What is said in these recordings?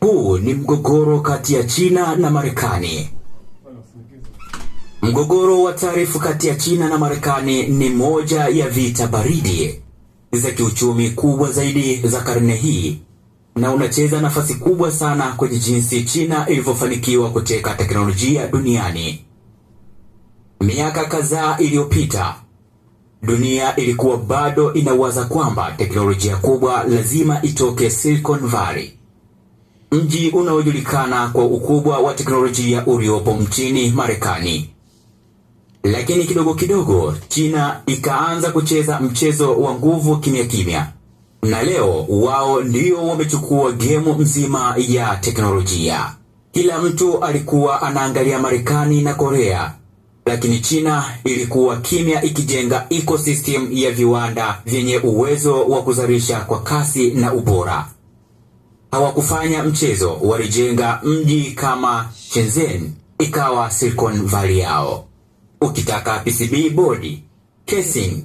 Huu ni mgogoro kati ya China na Marekani. Mgogoro wa taarifa kati ya China na Marekani ni moja ya vita baridi za kiuchumi kubwa zaidi za karne hii na unacheza nafasi kubwa sana kwenye jinsi China ilivyofanikiwa kuteka teknolojia duniani. Miaka kadhaa iliyopita, dunia ilikuwa bado inawaza kwamba teknolojia kubwa lazima itoke Silicon Valley mji unaojulikana kwa ukubwa wa teknolojia uliopo mchini Marekani. Lakini kidogo kidogo China ikaanza kucheza mchezo wa nguvu kimya kimya, na leo wao ndio wamechukua gemu mzima ya teknolojia. Kila mtu alikuwa anaangalia Marekani na Korea, lakini China ilikuwa kimya, ikijenga ecosystem ya viwanda vyenye uwezo wa kuzalisha kwa kasi na ubora hawakufanya mchezo, walijenga mji kama Shenzhen ikawa Silicon Valley yao. Ukitaka PCB board, casing,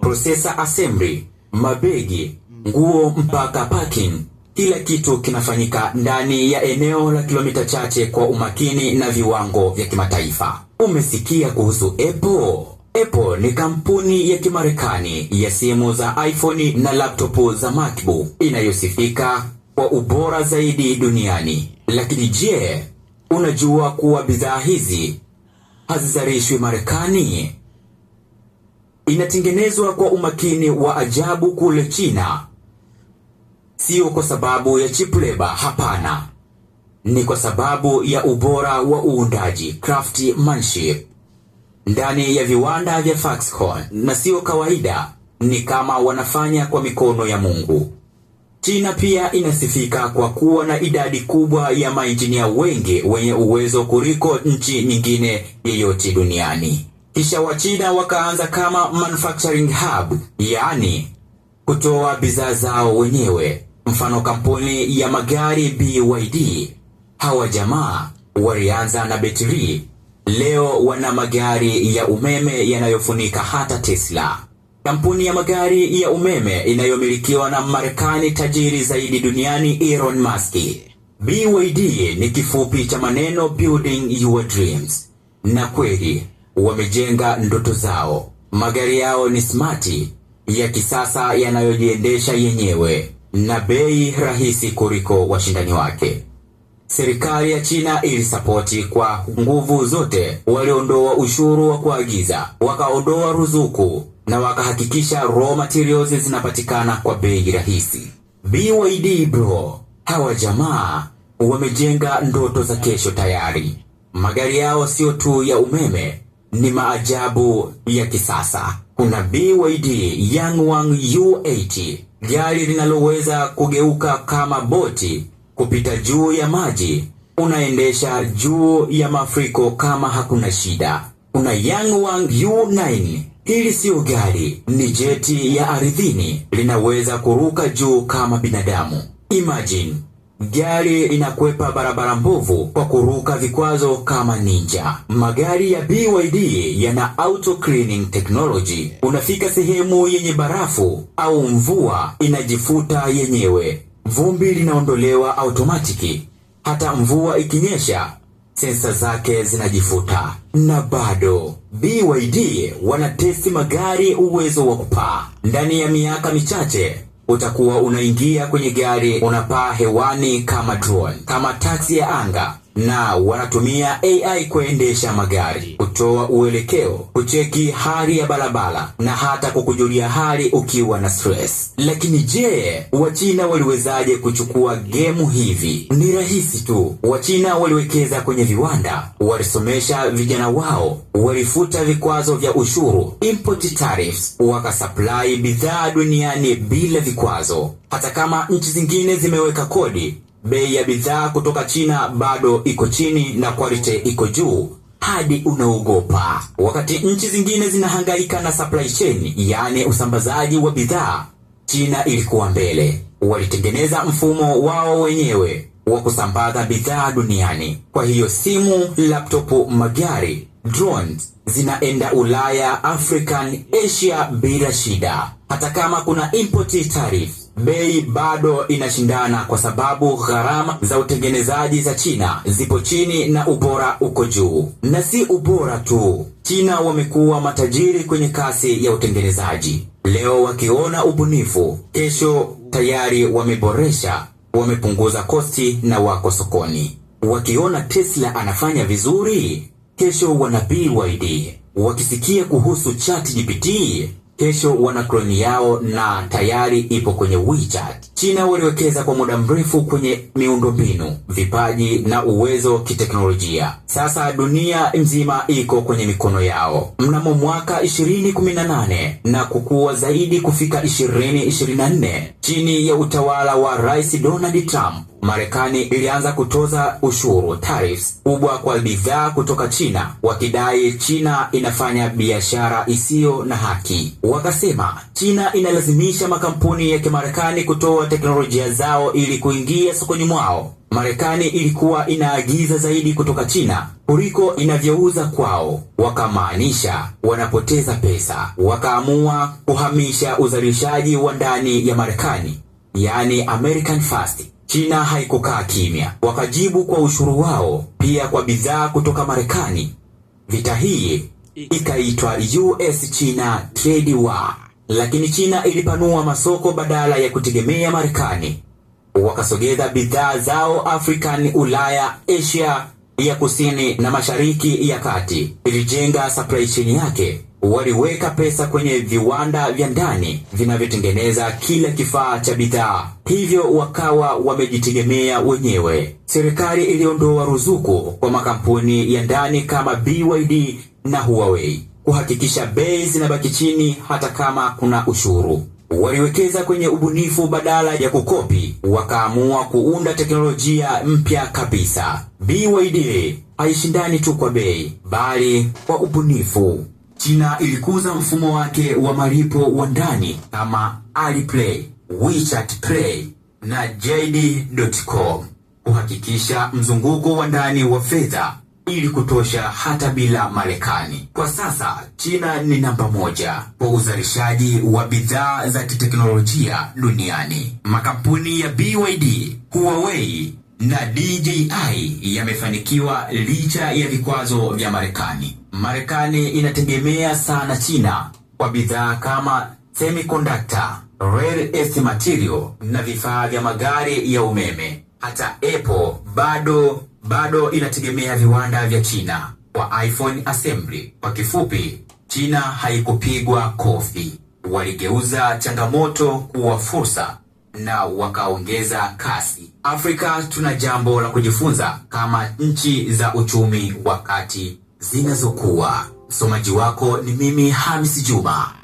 processor assembly, mabegi, nguo mpaka parking, kila kitu kinafanyika ndani ya eneo la kilomita chache kwa umakini na viwango vya kimataifa. Umesikia kuhusu Apple? Apple ni kampuni ya Kimarekani ya simu za iPhone na laptop za MacBook inayosifika wa ubora zaidi duniani. Lakini je, unajua kuwa bidhaa hizi hazizalishwi Marekani? Inatengenezwa kwa umakini wa ajabu kule China. Sio kwa sababu ya cheap labor, hapana. Ni kwa sababu ya ubora wa uundaji, craftsmanship, ndani ya viwanda vya Foxconn, na sio kawaida. Ni kama wanafanya kwa mikono ya Mungu. China pia inasifika kwa kuwa na idadi kubwa ya mainjinia wengi wenye uwezo kuliko nchi nyingine yoyote duniani. Kisha Wachina wakaanza kama manufacturing hub, yaani kutoa bidhaa zao wenyewe. Mfano, kampuni ya magari BYD. Hawa jamaa walianza na betri, leo wana magari ya umeme yanayofunika hata Tesla. Kampuni ya magari ya umeme inayomilikiwa na Marekani tajiri zaidi duniani Elon Musk. BYD ni kifupi cha maneno building your dreams, na kweli wamejenga ndoto zao. Magari yao ni smart, ya kisasa, yanayojiendesha yenyewe na bei rahisi kuliko washindani wake. Serikali ya China ilisapoti kwa nguvu zote, waliondoa ushuru wa kuagiza, wakaondoa ruzuku na wakahakikisha raw materials zinapatikana kwa bei rahisi. BYD bro, hawa jamaa wamejenga ndoto za kesho tayari. Magari yao sio tu ya umeme, ni maajabu ya kisasa. Kuna BYD Yangwang U80, gari linaloweza kugeuka kama boti kupita juu ya maji. Unaendesha juu ya mafuriko kama hakuna shida. Kuna Yangwang U9 Hili siyo gari, ni jeti ya ardhini, linaweza kuruka juu kama binadamu. Imagine gari linakwepa barabara mbovu kwa kuruka vikwazo kama ninja. Magari ya BYD yana auto cleaning technology. Unafika sehemu yenye barafu au mvua, inajifuta yenyewe, vumbi linaondolewa automatiki. Hata mvua ikinyesha sensa zake zinajifuta, na bado BYD wanatesti magari uwezo wa kupaa. Ndani ya miaka michache utakuwa unaingia kwenye gari unapaa hewani kama drone, kama taksi ya anga na wanatumia AI kuendesha magari, kutoa uelekeo, kucheki hali ya barabara na hata kukujulia hali ukiwa na stress. Lakini je, Wachina waliwezaje kuchukua gemu hivi? Ni rahisi tu. Wachina waliwekeza kwenye viwanda, walisomesha vijana wao, walifuta vikwazo vya ushuru, import tariffs, wakasupply bidhaa duniani bila vikwazo. Hata kama nchi zingine zimeweka kodi Bei ya bidhaa kutoka China bado iko chini na quality iko juu hadi unaogopa. Wakati nchi zingine zinahangaika na supply chain, yaani usambazaji wa bidhaa, China ilikuwa mbele. Walitengeneza mfumo wao wenyewe wa kusambaza bidhaa duniani. Kwa hiyo simu, laptop, magari, drones zinaenda Ulaya, African, Asia bila shida, hata kama kuna import tariff bei bado inashindana kwa sababu gharama za utengenezaji za China zipo chini na ubora uko juu. Na si ubora tu, China wamekuwa matajiri kwenye kasi ya utengenezaji. Leo wakiona ubunifu, kesho tayari wameboresha, wamepunguza kosti na wako sokoni. Wakiona Tesla anafanya vizuri, kesho wana BYD. Wakisikia kuhusu ChatGPT Kesho wana kloni yao na tayari ipo kwenye WeChat. China waliwekeza kwa muda mrefu kwenye miundombinu, vipaji na uwezo wa kiteknolojia. Sasa dunia mzima iko kwenye mikono yao. Mnamo mwaka 2018 na kukua zaidi kufika 2024 chini ya utawala wa Rais Donald Trump Marekani ilianza kutoza ushuru tariffs kubwa kwa bidhaa kutoka China, wakidai China inafanya biashara isiyo na haki. Wakasema China inalazimisha makampuni ya Kimarekani kutoa teknolojia zao ili kuingia sokoni mwao. Marekani ilikuwa inaagiza zaidi kutoka China kuliko inavyouza kwao, wakamaanisha wanapoteza pesa. Wakaamua kuhamisha uzalishaji wa ndani ya Marekani, yaani American First China haikukaa kimya, wakajibu kwa ushuru wao pia kwa bidhaa kutoka Marekani. Vita hii ikaitwa US China Trade War, lakini China ilipanua masoko badala ya kutegemea Marekani. Wakasogeza bidhaa zao African, Ulaya, Asia ya Kusini na Mashariki ya Kati, ilijenga supply chain yake waliweka pesa kwenye viwanda vya ndani vinavyotengeneza kila kifaa cha bidhaa, hivyo wakawa wamejitegemea wenyewe. Serikali iliondoa ruzuku kwa makampuni ya ndani kama BYD na Huawei kuhakikisha bei zinabaki chini hata kama kuna ushuru. Waliwekeza kwenye ubunifu badala ya kukopi, wakaamua kuunda teknolojia mpya kabisa. BYD haishindani tu kwa bei, bali kwa ubunifu. China ilikuza mfumo wake wa malipo wa ndani kama Alipay, WeChat Pay na JD.com kuhakikisha mzunguko wa ndani wa fedha ili kutosha hata bila Marekani. Kwa sasa China ni namba moja kwa uzalishaji wa bidhaa za kiteknolojia duniani. Makampuni ya BYD, Huawei na DJI yamefanikiwa licha ya vikwazo vya Marekani. Marekani inategemea sana China kwa bidhaa kama semiconductor, rare earth material na vifaa vya magari ya umeme. Hata Apple bado bado inategemea viwanda vya China kwa iPhone assembly. Kwa kifupi, China haikupigwa kofi, waligeuza changamoto kuwa fursa na wakaongeza kasi. Afrika tuna jambo la kujifunza kama nchi za uchumi wa kati zinazokuwa. Msomaji wako ni mimi Hamis Juma.